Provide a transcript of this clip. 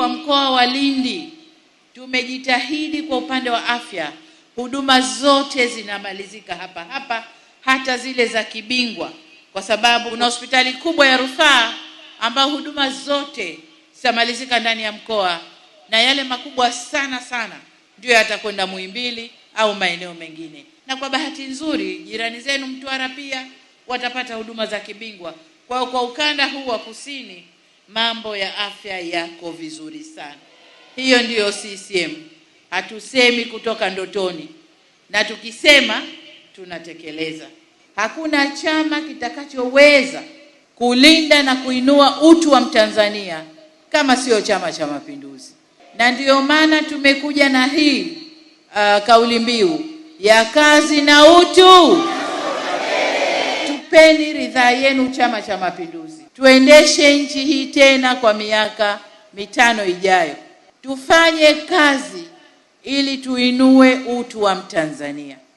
kwa mkoa wa Lindi tumejitahidi kwa upande wa afya, huduma zote zinamalizika hapa hapa, hata zile za kibingwa, kwa sababu una hospitali kubwa ya rufaa ambayo huduma zote zitamalizika ndani ya mkoa, na yale makubwa sana sana ndio yatakwenda Muhimbili au maeneo mengine. Na kwa bahati nzuri, jirani zenu Mtwara pia watapata huduma za kibingwa. Kwa hiyo kwa ukanda huu wa kusini mambo ya afya yako vizuri sana. Hiyo ndiyo CCM. Hatusemi kutoka ndotoni, na tukisema tunatekeleza. Hakuna chama kitakachoweza kulinda na kuinua utu wa Mtanzania kama sio Chama cha Mapinduzi, na ndiyo maana tumekuja na hii uh, kauli mbiu ya kazi na utu tupeni ridhaa yenu Chama cha Mapinduzi, tuendeshe nchi hii tena kwa miaka mitano ijayo. Tufanye kazi ili tuinue utu wa Mtanzania.